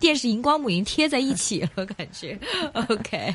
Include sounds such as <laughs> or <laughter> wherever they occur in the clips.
電視熒光母音貼在一起了，感覺。 <laughs> OK，OK，、okay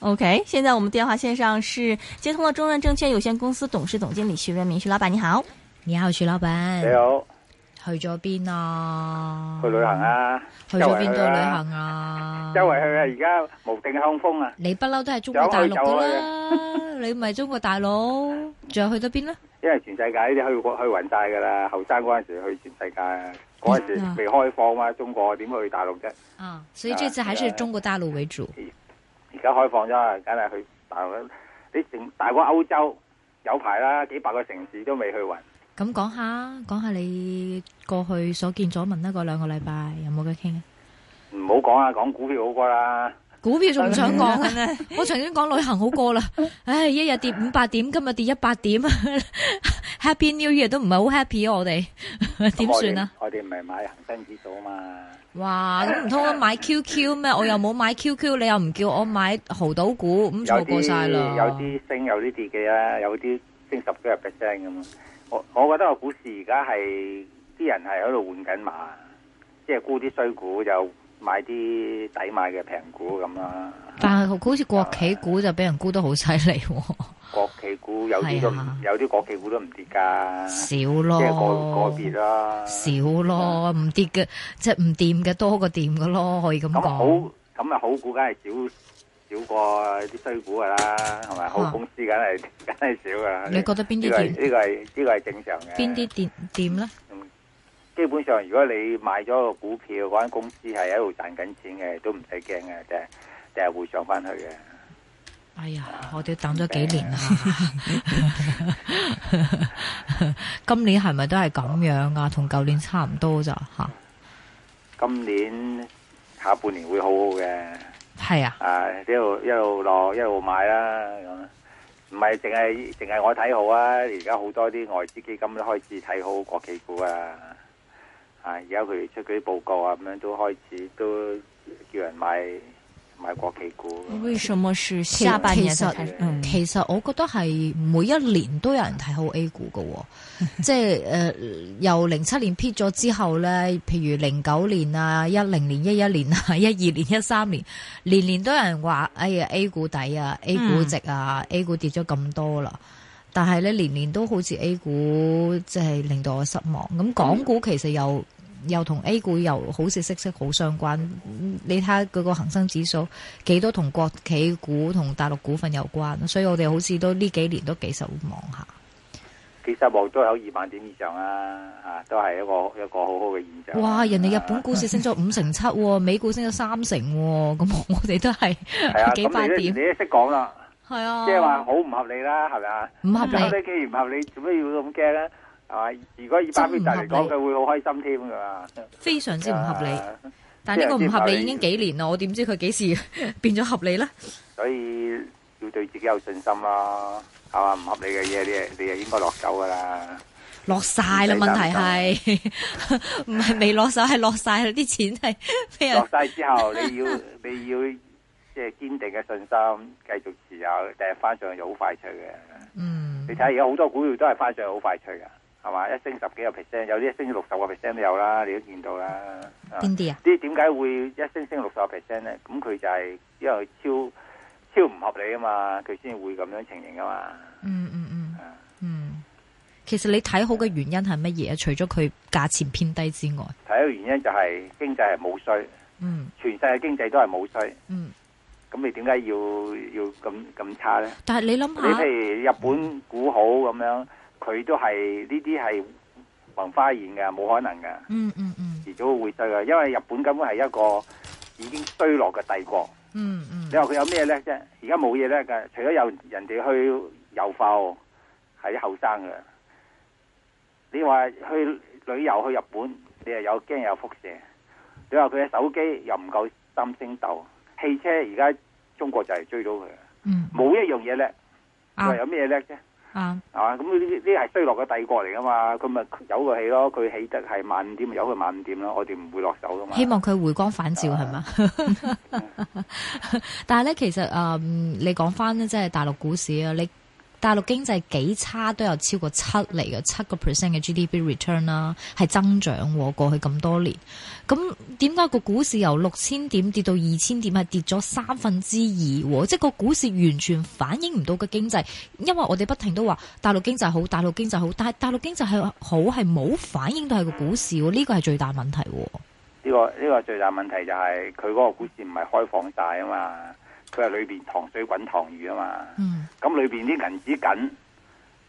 okay, 現在我們電話線上是接通了中潤證券有限公司董事總經理徐潤民。徐老闆你好，你好徐老闆，你好。你好，去咗邊啊？去旅行啊？去咗邊度旅行啊，啊？周圍去啊！而家無定向風啊！你不嬲都係中國大陸噶啦， <laughs> 你唔係中國大陸，仲有去到邊咧？因為全世界呢啲去去勻晒噶啦，後生嗰陣時去全世界。啊嗰陣時未開放嘛，中國點去大陸啫？嗯、啊，所以這次還是中國大陸為主。而家開放咗，梗係去大陸啦。你成大個歐洲有排啦，幾百個城市都未去勻。咁講下，講下你過去所見所聞啦，嗰兩個禮拜有冇得傾？唔好講啊，講股票好過啦。股票仲唔想講嘅咩？ <laughs> 我曾經講旅行好過啦， <laughs> 唉，一日跌五百點，今日跌一百點 <laughs> <laughs> ，Happy New Year 都唔係好 Happy 啊！我哋點 <laughs> 算啊？我哋唔係買恆生指數啊嘛？哇！咁唔通我買 QQ 咩？ <laughs> 我又冇買 QQ，你又唔叫我買豪賭股，咁錯些過晒啦！有啲升，有啲跌嘅啦，有啲升十幾日 percent 咁我我覺得我股市而家係啲人係喺度換緊馬，即係沽啲衰股就。買啲抵買嘅平股咁啦，但係好似國企股就俾人沽得好犀利。啊、國企股有啲都，有啲、啊、國企股都唔跌噶。少咯，即係個別啦。咯少咯，唔、啊、跌嘅，啊、即係唔掂嘅多過掂嘅咯，可以咁講。好，咁啊好股梗係少少過啲衰股噶啦，係咪好公司梗係梗係少噶？你覺得邊啲跌？呢、這個係呢、這個係正常嘅。邊啲掂？掂咧？基本上，如果你買咗個股票，嗰間公司係喺度賺緊錢嘅，都唔使驚嘅，即係第日會上翻去嘅。哎呀，啊、我哋等咗幾年啦，啊、 <laughs> 今年係咪都係咁樣啊？同舊年差唔多咋吓？今年下半年會好好嘅。係啊，啊一路一路落一路買啦，唔係淨係淨係我睇好啊！而家好多啲外資基金都開始睇好國企股啊。而家佢出啲報告啊，咁樣都開始都叫人買買國企股。為什麼是下半年其，實、嗯、其實我覺得係每一年都有人睇好 A 股噶、哦，即係誒由零七年 P 咗之後咧，譬如零九年啊、一零 <laughs> 年、一一年啊、一二年、一三年，年年都有人話：哎呀，A 股抵啊，A 股值啊、嗯，A 股跌咗咁多啦。但係咧年年都好似 A 股即係令到我失望。咁港股其實又。嗯又同 A 股，又好似息息好相關，你睇下佢個恒生指數幾多同國企股同大陸股份有關，所以我哋好似都呢幾年都幾十望下，幾十望都有二萬點以上啦、啊。啊，都係一個一個好好嘅現象。哇，啊、人哋日本股市升咗五成七、哦， <laughs> 美股升咗三成、哦，咁我哋都係、啊、幾萬點。你都識講啦，係啊，即係話好唔合理啦，係咪啊？唔合理，既然唔合理，做乜要咁驚呢？係，如果以百倍大嚟講，佢會好開心添噶啦，非常之唔合理。但係呢個唔合理已經幾年啦，我點知佢幾時變咗合理咧？所以要對自己有信心咯，係嘛？唔合理嘅嘢，你啊，你就應該落手噶啦。落晒啦，問題係唔係未落手，係落晒啦。啲錢係非常落晒之後，你要你要即係堅定嘅信心，繼續持有，第日翻上去就好快脆嘅。嗯，你睇而家好多股票都係翻上去好快脆噶。係嘛？一升十幾個 percent，有啲一升六十個 percent 都有啦，你都見到啦。邊啲啊？啲點解會一升升六十個 percent 咧？咁佢就係因為超超唔合理啊嘛，佢先會咁樣情形啊嘛。嗯嗯嗯。嗯，其實你睇好嘅原因係乜嘢？對除咗佢價錢偏低之外，第一個原因就係經濟係冇衰。嗯，全世界經濟都係冇衰。嗯，咁你點解要要咁咁差咧？但係你諗下，你譬如日本股好咁樣。嗯佢都係呢啲係曇花一現嘅，冇可能嘅。嗯。嗯嗯嗯，遲早會衰嘅，因為日本根本係一個已經衰落嘅帝國。嗯嗯，嗯，你話佢有咩叻啫？而家冇嘢叻嘅，除咗有人哋去遊埠，係啲後生嘅。你話去旅遊去日本，你又有驚有輻射。你話佢嘅手機又唔夠三星鬥，汽車而家中國就係追到佢。冇，嗯、一樣嘢叻，仲，啊、有咩叻啫？啊，啊，咁呢啲係係衰落嘅帝國嚟噶嘛，佢咪有個起咯，佢起得係慢點咪有佢慢點咯，我哋唔會落手噶嘛。希望佢回光返照係嘛？但係咧，其實誒、嗯，你講翻咧，即係大陸股市啊，你。大陸經濟幾差都有超過七釐嘅七個 percent 嘅 GDP return 啦、啊，係增長喎、啊。過去咁多年，咁點解個股市由六千點跌到二千點係跌咗三分之二、啊？即係個股市完全反映唔到個經濟，因為我哋不停都話大陸經濟好，大陸經濟好，但係大陸經濟係好係冇反映到係個股市喎。呢個係最大問題、啊。呢、這個呢、這個最大問題就係佢嗰個股市唔係開放曬啊嘛。佢係裏邊糖水滾糖魚啊嘛，咁、嗯、裏邊啲銀紙緊，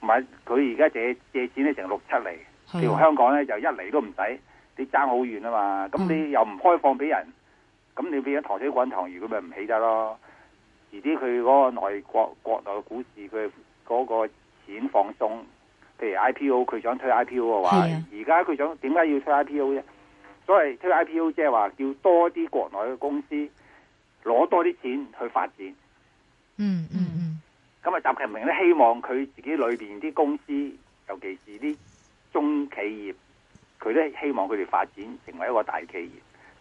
唔係佢而家借借錢咧成六七厘，譬如香港咧就一厘都唔使，你爭好遠啊嘛，咁你又唔開放俾人，咁你變咗糖水滾糖魚，佢咪唔起得咯？遲啲佢嗰個內國國內嘅股市，佢嗰個錢放鬆，譬如 IPO，佢想推 IPO 嘅話，而家佢想點解要推 IPO 咧？所謂推 IPO 即係話叫多啲國內嘅公司。攞多啲錢去發展，嗯嗯嗯，咁、嗯、啊，習、嗯、近平咧希望佢自己裏邊啲公司，尤其是啲中企業，佢咧希望佢哋發展成為一個大企業，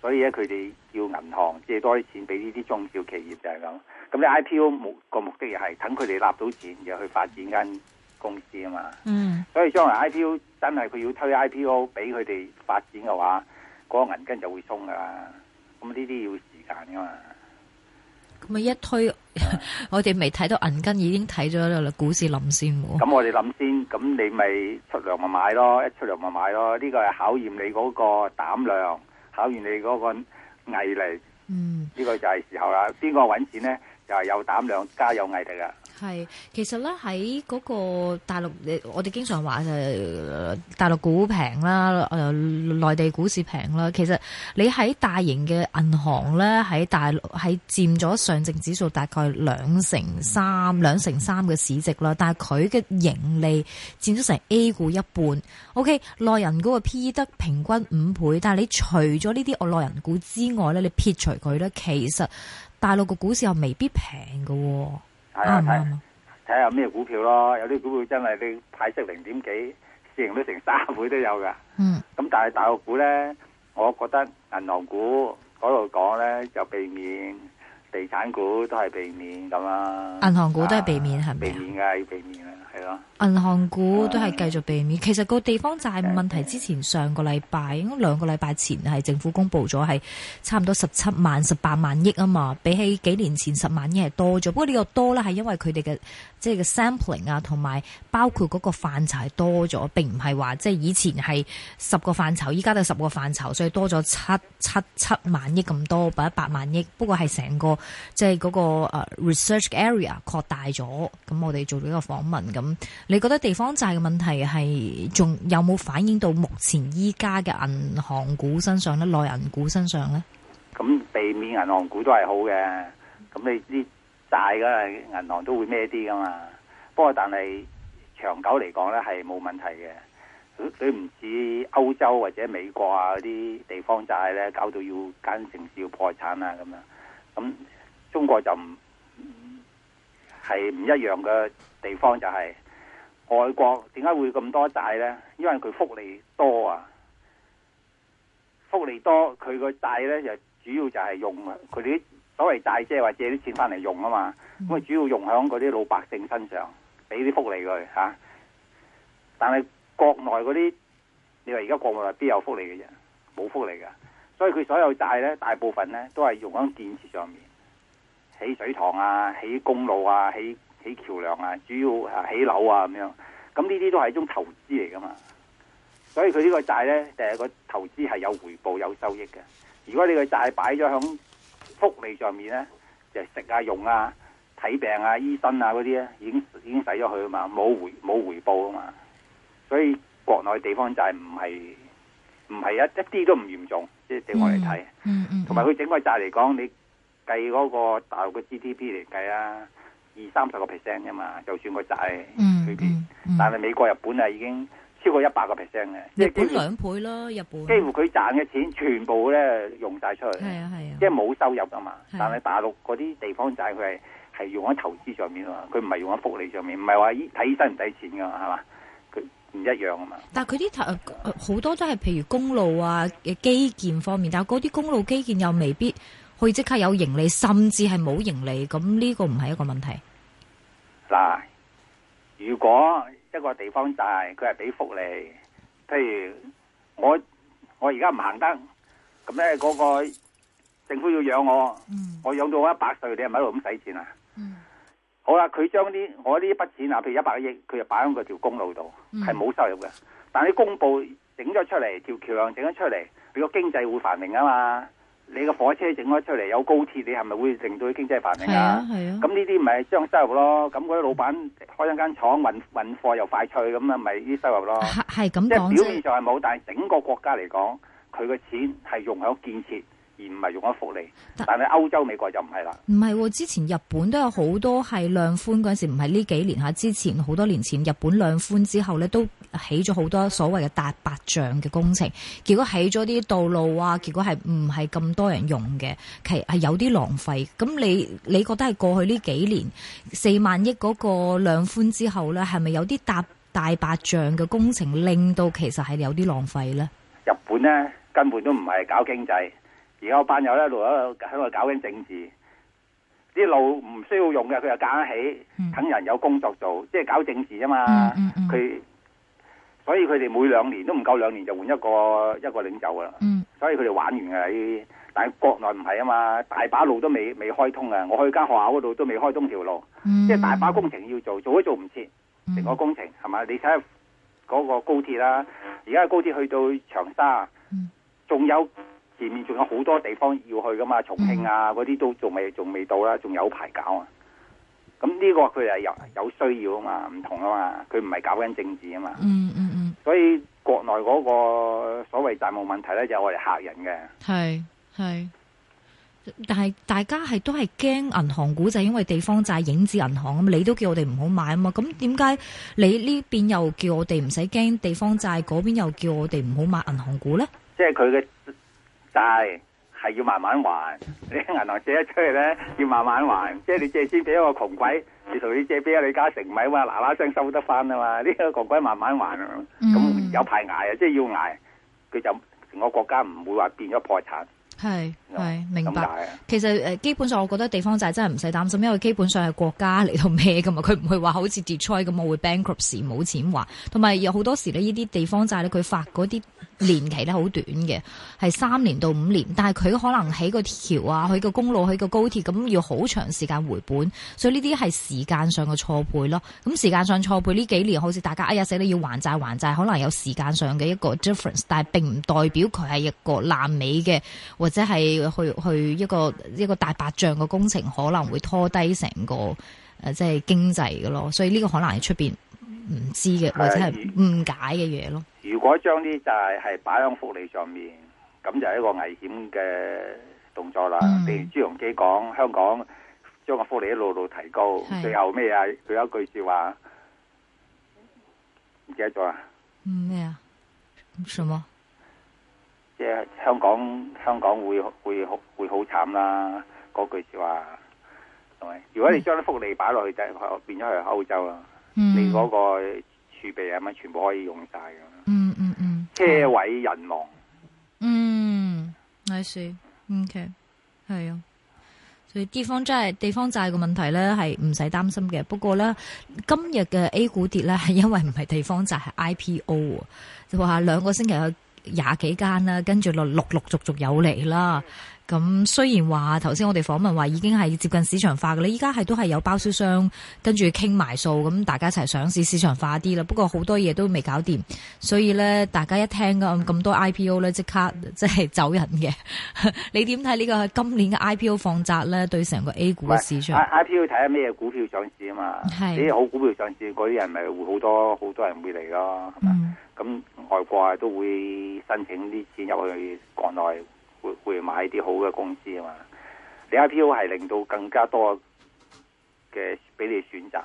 所以咧佢哋叫銀行借多啲錢俾呢啲中小企業就係、是、咁。咁啲 IPO 嘅個目的又係等佢哋納到錢，然後去發展間公司啊嘛。嗯，所以將來 IPO 真係佢要推 IPO 俾佢哋發展嘅話，嗰、那個銀根就會鬆噶啦。咁呢啲要時間噶嘛。咁啊！一推是的 <laughs> 我哋未睇到銀根，已經睇咗啦。股市臨線喎。咁我哋諗先，咁你咪出糧咪買咯，一出糧咪買咯。呢、這個係考驗你嗰個膽量，考驗你嗰個毅力。嗯，呢個就係時候啦。邊個搵錢咧？就係、是、有膽量加有毅力噶。係，其實咧喺嗰個大陸，我哋經常話大陸股平啦，內地股市平啦。其實你喺大型嘅銀行咧，喺大陸佔咗上證指數大概兩成三兩成三嘅市值啦。但係佢嘅盈利佔咗成 A 股一半。O.K. 內人股嘅 PE 得平均五倍，但係你除咗呢啲內人股之外咧，你撇除佢咧，其實大陸嘅股市又未必平喎。係啊，睇睇下咩股票咯，有啲股票真係你派息零點幾，市盈率成三倍都有噶。嗯，咁但係大陸股咧，我覺得銀行股嗰度講咧就避免，地產股都係避免咁啊。銀行股都係避免係咪？啊、避免啊，要避免啊！係咯，銀行股都係繼續避免。其實個地方債係問題，之前上個禮拜，應該兩個禮拜前係政府公布咗係差唔多十七萬、十八萬億啊嘛。比起幾年前十萬億係多咗，不過呢個多咧係因為佢哋嘅即係嘅 sampling 啊，同埋包括嗰個範疇多咗，並唔係話即係以前係十個範疇，依家都係十個範疇，所以多咗七七七萬億咁多，百八萬億。不過係成個即係嗰個誒 research area 擴大咗，咁我哋做咗一個訪問。咁你覺得地方債嘅問題係仲有冇反映到目前依家嘅銀行股身上咧、內銀股身上咧？咁避免銀行股都係好嘅，咁你啲債嘅銀行都會咩啲噶嘛？不過但係長久嚟講咧，係冇問題嘅，佢唔似歐洲或者美國啊嗰啲地方債咧，搞到要間城市要破產啊咁樣，咁中國就唔係唔一樣嘅。地方就係、是、外國點解會咁多債呢？因為佢福利多啊，福利多佢個債呢就主要就係用啊，佢哋啲所謂債即係話借啲錢翻嚟用啊嘛，咁啊主要用響嗰啲老百姓身上俾啲福利佢吓、啊。但係國內嗰啲，你話而家國內邊有福利嘅啫，冇福利噶，所以佢所有債呢，大部分呢都係用響建設上面，起水塘啊，起公路啊，起。起橋梁啊，主要啊起樓啊咁樣，咁呢啲都係一種投資嚟噶嘛，所以佢呢個債呢，第一個投資係有回報有收益嘅。如果你個債擺咗響福利上面呢，就食、是、啊用啊睇病啊醫生啊嗰啲呢，已經已經使咗佢啊嘛，冇回冇回報啊嘛。所以國內地方債唔係唔係一一啲都唔嚴重，即、就、係、是、對我嚟睇，嗯嗯，同埋佢整個債嚟講，你計嗰個大陸嘅 GDP 嚟計啦、啊。二三十個 percent 啊嘛，就算個債裏邊，嗯嗯嗯、但係美國、日本啊，已經超過一百個 percent 嘅。日本兩倍啦，日本。幾乎佢賺嘅錢全部咧用晒出去，係啊係啊，即係冇收入啊嘛。啊但係大陸嗰啲地方債，佢係係用喺投資上面啊嘛。佢唔係用喺福利上面，唔係話醫睇醫生唔使錢噶，係嘛？佢唔一樣啊嘛。但係佢啲好多都係譬如公路啊嘅基建方面，但係嗰啲公路基建又未必可以即刻有盈利，甚至係冇盈利。咁呢個唔係一個問題。嗱，如果一個地方債，佢係俾福利，譬如我我而家唔行得，咁咧嗰個政府要養我，嗯、我養到我一百歲，你係咪喺度咁使錢啊？嗯，好啦，佢將啲我呢筆錢啊，譬如一百億，佢就擺喺嗰條公路度，係冇、嗯、收入嘅。但係你公布整咗出嚟，條橋梁整咗出嚟，你個經濟會繁榮啊嘛。你個火車整咗出嚟，有高鐵，你係咪會令到經濟繁榮啊？係啊，係啊。咁呢啲咪將收入咯？咁嗰啲老闆開一間廠運運貨又快脆咁啊，咪啲收入咯。係係咁講啫。即係表面上係冇，但係整個國家嚟講，佢個錢係用喺建設，而唔係用喺福利。但係歐洲、美國就唔係啦。唔係、哦，之前日本都有好多係量寬嗰陣時候，唔係呢幾年吓，之前好多年前日本量寬之後咧都。起咗好多所謂嘅大白象嘅工程，結果起咗啲道路啊，結果係唔係咁多人用嘅，其實有啲浪費。咁你你覺得係過去呢幾年四萬億嗰個量寬之後咧，係咪有啲搭大，大白象嘅工程令到其實係有啲浪費咧？日本咧根本都唔係搞經濟，而家班友一路一路喺度搞緊政治，啲路唔需要用嘅佢又架起，等人有工作做，嗯、即係搞政治啊嘛，佢、嗯嗯嗯。佢所以佢哋每兩年都唔夠兩年就換一個一個領袖㗎喇。嗯，所以佢哋玩完喇！喺但係國內唔係啊嘛，大把路都未未開通啊。我去間學校嗰度都未開通條路，即係、嗯、大把工程要做，做都做唔切成個工程係嘛、嗯？你睇下嗰個高鐵啦、啊，而家高鐵去到長沙，仲、嗯、有前面仲有好多地方要去噶嘛？重慶啊嗰啲、嗯、都仲未仲未到啦，仲有排搞啊。咁呢個佢係有有需要啊嘛，唔同啊嘛，佢唔係搞緊政治啊嘛。嗯嗯所以國內嗰個所謂債務問題呢，就係我哋吓人嘅。係係，但係大家係都係驚銀行股，就係因為地方債影子銀行啊嘛，你都叫我哋唔好買啊嘛，咁點解你呢邊又叫我哋唔使驚地方債，嗰邊又叫我哋唔好買銀行股呢？即係佢嘅債。係要慢慢還，你喺銀行借一出嚟咧，要慢慢還，即係你借先俾一個窮鬼，嗯、你同你借俾阿李嘉誠咪嘛，嗱嗱聲收得翻啦嘛。呢、這個窮鬼慢慢還，咁、嗯、有排挨啊，即係要挨，佢就成個國家唔會話變咗破產，係係樣明白是其實誒，基本上我覺得地方債真係唔使擔心，因為基本上係國家嚟到咩噶嘛，佢唔會話好似 Detroit 咁我會 bankrupt 時冇錢還，同埋有好多時咧呢啲地方債咧佢發嗰啲。年期咧好短嘅，係三年到五年，但係佢可能起個橋啊，起個公路，起個高鐵咁，要好長時間回本，所以呢啲係時間上嘅錯配咯。咁時間上錯配呢幾年，好似大家哎呀死啦要還債還債，可能有時間上嘅一個 difference，但係並唔代表佢係一個爛尾嘅，或者係去去一個一個大白象嘅工程可能會拖低成個誒即係經濟嘅咯。所以呢個可能係出邊。唔知嘅，或者係誤解嘅嘢咯。嗯、如果將啲就係係擺喺福利上面，咁就係一個危險嘅動作啦。譬、嗯、如朱鎔基講香港將個福利一路路提高，是最後咩啊？佢有一句說話唔記得咗啊？咩啊、嗯？什麼？即係香港，香港會會會好慘啦。嗰句說話係咪？如果你將啲福利擺落去就、嗯、變咗去歐洲啦。嗯、你嗰個儲備係咪全部可以用晒嘅？嗯嗯嗯，車位人亡。嗯，係啊，OK，係啊，所以地方債地方債嘅問題咧係唔使擔心嘅。不過咧今日嘅 A 股跌咧係因為唔係地方債，係 I P O，就話兩個星期有廿幾間啦，跟住落陸陸續續有嚟啦。嗯咁雖然話頭先我哋訪問話已經係接近市場化嘅啦，依家係都係有包銷商跟住傾埋數，咁大家一齊上市市場化啲啦。不過好多嘢都未搞掂，所以咧大家一聽咁咁多 IPO 咧，即刻即係走人嘅。 <laughs> 你點睇呢個今年嘅 IPO 放窄咧？對成個 A 股嘅市場？IPO 睇下咩股票上市啊嘛，啲好是股票上市，嗰啲人咪會好多好多人會嚟咯。係咪？咁、嗯、外國啊都會申請啲錢入去國內。會買啲好嘅公司啊嘛，你 IPO 係令到更加多嘅俾你選擇，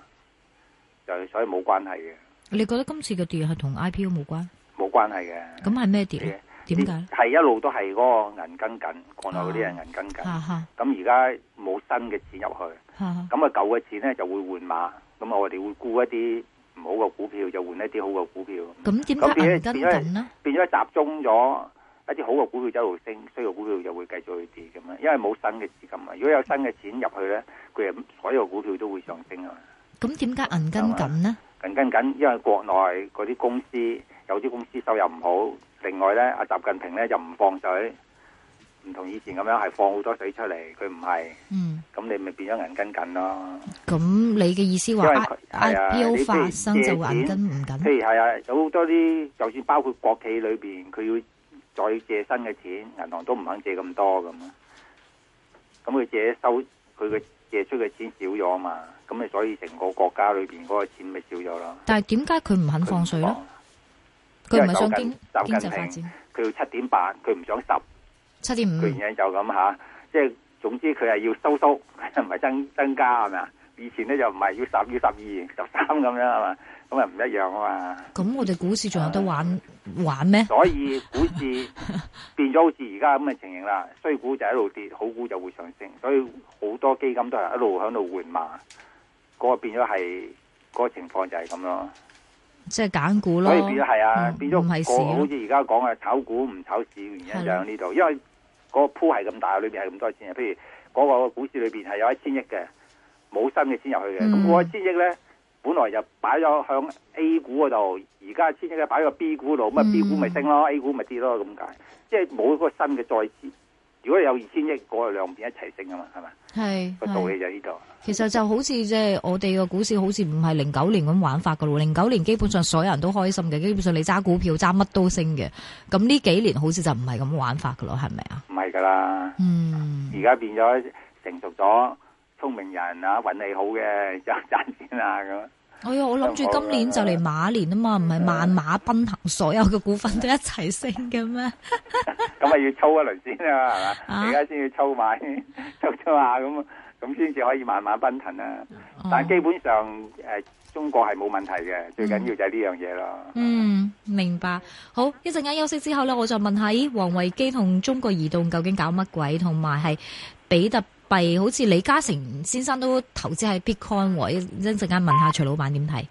就所以冇關係嘅。你覺得今次嘅跌係同 IPO 冇關？冇關係嘅。咁係咩跌咧？點解係？係一路都係嗰個銀根緊，國內啲人銀根緊。咁而家冇新嘅錢入去，咁啊舊嘅錢咧就會換馬，咁、啊、我哋會沽一啲唔好嘅股票，就換一啲好嘅股票。咁點解銀根緊咧？變咗變咗集中咗。一啲好嘅股票一路升，衰嘅股票就會繼續去跌咁樣。因為冇新嘅資金啊，如果有新嘅錢入去咧，佢係所有股票都會上升啊。咁點解銀根緊呢？銀根緊，因為國內嗰啲公司有啲公司收入唔好，另外咧阿習近平咧就唔放水，唔同以前咁樣係放好多水出嚟，佢唔係。嗯。咁你咪變咗銀根緊咯？咁、嗯、你嘅意思話，I P O 發生就銀根唔緊？啊、譬如係啊，有好多啲，就算包括國企裏邊，佢要。再借新嘅錢，銀行都唔肯借咁多咁啊！咁佢借收佢嘅借出嘅錢少咗啊嘛！咁咪所以成個國家裏邊嗰個錢咪少咗咯。但係點解佢唔肯放水咯？佢唔係想經經濟發展，佢要七點八 7. 5?，佢唔想十、七點五，原因就咁吓。即係總之，佢係要收縮，唔係增增加係咪啊？以前咧就唔係要十、要十二、十三咁樣係嘛。咁啊，唔一樣啊嘛！咁我哋股市仲有得玩玩咩？所以股市變咗好似而家咁嘅情形啦，衰 <laughs> 股就一路跌，好股就會上升，所以好多基金都係一路響度換馬，嗰個變咗係、嗰個情況就係咁咯，即係揀股咯。所以變咗係啊，嗯、變咗成個好似而家講嘅炒股唔炒市原因就喺呢度，的因為嗰個鋪係咁大，裡邊係咁多錢啊。譬如嗰個股市裡邊係有一千億嘅，冇新嘅錢入去嘅，咁嗰一千億咧。那本來就擺咗向 A 股嗰度，而家千億咧擺咗 B 股度，咁啊、嗯、B 股咪升咯，A 股咪跌咯，咁解？即係冇一個新嘅再次，如果有二千億過，兩邊一齊升啊嘛，係咪？係個道理就呢度。其實就好似即係我哋個股市，好似唔係零九年咁玩法噶咯，零九年基本上所有人都開心嘅，基本上你揸股票揸乜都升嘅。咁呢幾年好似就唔係咁玩法噶咯，係咪啊？唔係噶啦，嗯，而家變咗成熟咗。聰明人啊，運氣好嘅就賺錢啊咁。哎我諗住今年就嚟馬年啊嘛，唔係萬馬奔騰，所有嘅股份都一齊升嘅咩？咁 <laughs> 啊要抽一輪先啊，係嘛？而家先要抽埋，抽抽下咁，咁先至可以慢慢奔騰啊！但係基本上，誒，中國係冇問題嘅，嗯、最緊要就係呢樣嘢咯。嗯，明白。好，一陣間休息之後咧，我就問下王維基同中國移動究竟搞乜鬼，同埋係比特幣好似李嘉誠先生都投資喺 Bitcoin，一陣間問下徐老闆點睇。